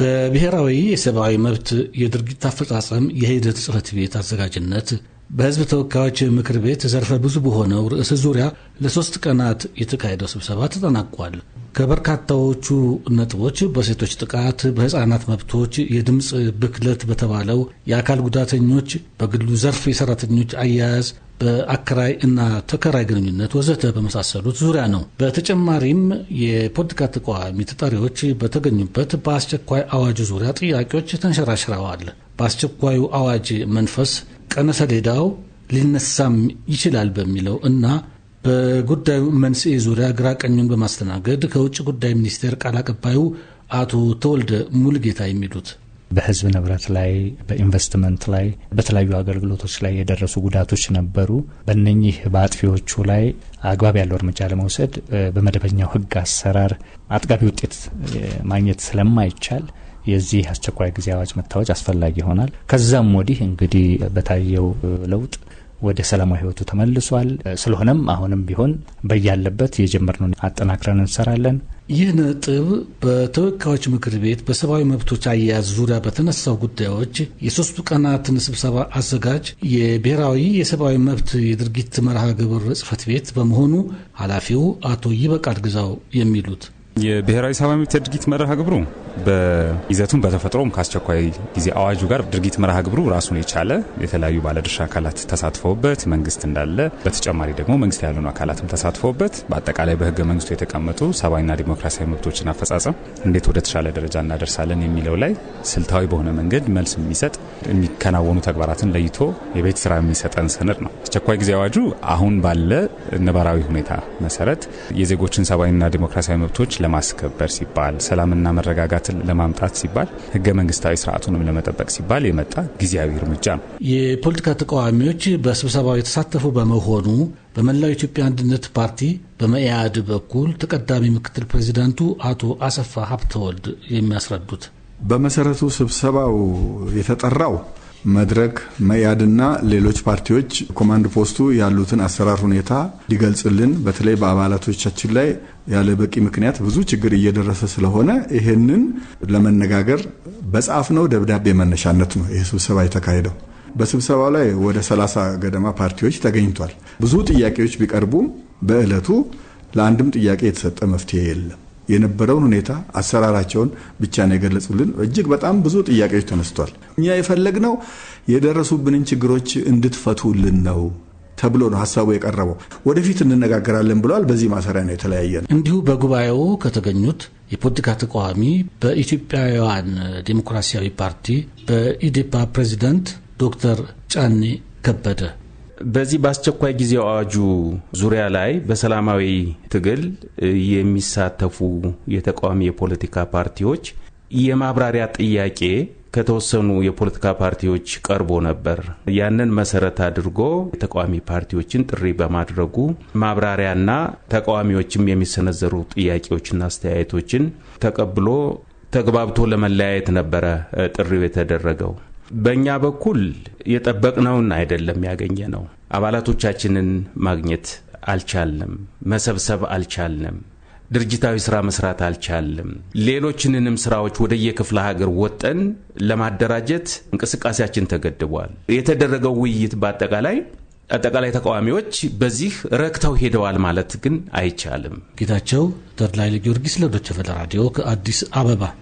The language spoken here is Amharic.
በብሔራዊ የሰብአዊ መብት የድርጊት አፈጻጸም የሂደት ጽፈት ቤት አዘጋጅነት በሕዝብ ተወካዮች ምክር ቤት ዘርፈ ብዙ በሆነው ርዕስ ዙሪያ ለሦስት ቀናት የተካሄደው ስብሰባ ተጠናቋል። ከበርካታዎቹ ነጥቦች በሴቶች ጥቃት፣ በህፃናት መብቶች፣ የድምፅ ብክለት በተባለው የአካል ጉዳተኞች፣ በግሉ ዘርፍ የሰራተኞች አያያዝ በአከራይ እና ተከራይ ግንኙነት ወዘተ በመሳሰሉት ዙሪያ ነው። በተጨማሪም የፖለቲካ ተቃዋሚ ተጠሪዎች በተገኙበት በአስቸኳይ አዋጁ ዙሪያ ጥያቄዎች ተንሸራሽረዋል። በአስቸኳዩ አዋጅ መንፈስ ቀነ ሰሌዳው ሊነሳም ይችላል በሚለው እና በጉዳዩ መንስኤ ዙሪያ ግራ ቀኙን በማስተናገድ ከውጭ ጉዳይ ሚኒስቴር ቃል አቀባዩ አቶ ተወልደ ሙልጌታ የሚሉት በህዝብ ንብረት ላይ በኢንቨስትመንት ላይ በተለያዩ አገልግሎቶች ላይ የደረሱ ጉዳቶች ነበሩ። በነኚህ በአጥፊዎቹ ላይ አግባብ ያለው እርምጃ ለመውሰድ በመደበኛው ህግ አሰራር አጥጋቢ ውጤት ማግኘት ስለማይቻል የዚህ አስቸኳይ ጊዜ አዋጅ መታወጅ አስፈላጊ ይሆናል። ከዛም ወዲህ እንግዲህ በታየው ለውጥ ወደ ሰላማዊ ህይወቱ ተመልሷል። ስለሆነም አሁንም ቢሆን በያለበት የጀመርነውን አጠናክረን እንሰራለን። ይህ ነጥብ በተወካዮች ምክር ቤት በሰብአዊ መብቶች አያያዝ ዙሪያ በተነሳው ጉዳዮች የሶስቱ ቀናትን ስብሰባ አዘጋጅ የብሔራዊ የሰብአዊ መብት የድርጊት መርሃ ግብር ጽህፈት ቤት በመሆኑ ኃላፊው አቶ ይበቃል ግዛው የሚሉት የብሔራዊ ሰብአዊ መብት ድርጊት መርሃ ግብሩ በይዘቱም በተፈጥሮም ከአስቸኳይ ጊዜ አዋጁ ጋር ድርጊት መርሃ ግብሩ ራሱን የቻለ የተለያዩ ባለድርሻ አካላት ተሳትፈውበት መንግስት እንዳለ በተጨማሪ ደግሞ መንግስት ያልሆኑ አካላትም ተሳትፈውበት በአጠቃላይ በህገ መንግስቱ የተቀመጡ ሰብአዊና ዲሞክራሲያዊ መብቶችን አፈጻጸም እንዴት ወደ ተሻለ ደረጃ እናደርሳለን የሚለው ላይ ስልታዊ በሆነ መንገድ መልስ የሚሰጥ የሚከናወኑ ተግባራትን ለይቶ የቤት ስራ የሚሰጠን ሰነድ ነው። አስቸኳይ ጊዜ አዋጁ አሁን ባለ ነባራዊ ሁኔታ መሰረት የዜጎችን ሰብአዊና ዲሞክራሲያዊ መብቶች ለማስከበር ሲባል ሰላምና መረጋጋትን ለማምጣት ሲባል ህገ መንግስታዊ ስርዓቱንም ለመጠበቅ ሲባል የመጣ ጊዜያዊ እርምጃ ነው። የፖለቲካ ተቃዋሚዎች በስብሰባው የተሳተፉ በመሆኑ በመላው ኢትዮጵያ አንድነት ፓርቲ በመኢአድ በኩል ተቀዳሚ ምክትል ፕሬዚዳንቱ አቶ አሰፋ ሀብተወልድ የሚያስረዱት በመሰረቱ ስብሰባው የተጠራው መድረክ፣ መያድና ሌሎች ፓርቲዎች ኮማንድ ፖስቱ ያሉትን አሰራር ሁኔታ ሊገልጽልን በተለይ በአባላቶቻችን ላይ ያለ በቂ ምክንያት ብዙ ችግር እየደረሰ ስለሆነ ይህንን ለመነጋገር በጻፍነው ደብዳቤ መነሻነት ነው ይህ ስብሰባ የተካሄደው። በስብሰባው ላይ ወደ ሰላሳ ገደማ ፓርቲዎች ተገኝቷል። ብዙ ጥያቄዎች ቢቀርቡም በዕለቱ ለአንድም ጥያቄ የተሰጠ መፍትሄ የለም። የነበረውን ሁኔታ አሰራራቸውን ብቻ ነው የገለጹልን። እጅግ በጣም ብዙ ጥያቄዎች ተነስቷል። እኛ የፈለግነው የደረሱብንን ችግሮች እንድትፈቱልን ነው ተብሎ ነው ሀሳቡ የቀረበው። ወደፊት እንነጋገራለን ብለዋል። በዚህ ማሰሪያ ነው የተለያየ ነው። እንዲሁ በጉባኤው ከተገኙት የፖለቲካ ተቃዋሚ በኢትዮጵያውያን ዴሞክራሲያዊ ፓርቲ በኢዴፓ ፕሬዚደንት ዶክተር ጫኔ ከበደ በዚህ በአስቸኳይ ጊዜ አዋጁ ዙሪያ ላይ በሰላማዊ ትግል የሚሳተፉ የተቃዋሚ የፖለቲካ ፓርቲዎች የማብራሪያ ጥያቄ ከተወሰኑ የፖለቲካ ፓርቲዎች ቀርቦ ነበር። ያንን መሰረት አድርጎ የተቃዋሚ ፓርቲዎችን ጥሪ በማድረጉ ማብራሪያና ተቃዋሚዎችም የሚሰነዘሩ ጥያቄዎችና አስተያየቶችን ተቀብሎ ተግባብቶ ለመለያየት ነበረ ጥሪው የተደረገው። በእኛ በኩል የጠበቅነውን አይደለም ያገኘ ነው። አባላቶቻችንን ማግኘት አልቻልንም፣ መሰብሰብ አልቻልንም፣ ድርጅታዊ ስራ መስራት አልቻልንም። ሌሎችንንም ስራዎች ወደየክፍለ ሀገር ወጠን ለማደራጀት እንቅስቃሴያችን ተገድቧል። የተደረገው ውይይት በአጠቃላይ አጠቃላይ ተቃዋሚዎች በዚህ ረክተው ሄደዋል ማለት ግን አይቻልም። ጌታቸው ተድላይ ጊዮርጊስ ለዶይቼ ራዲዮ ከአዲስ አበባ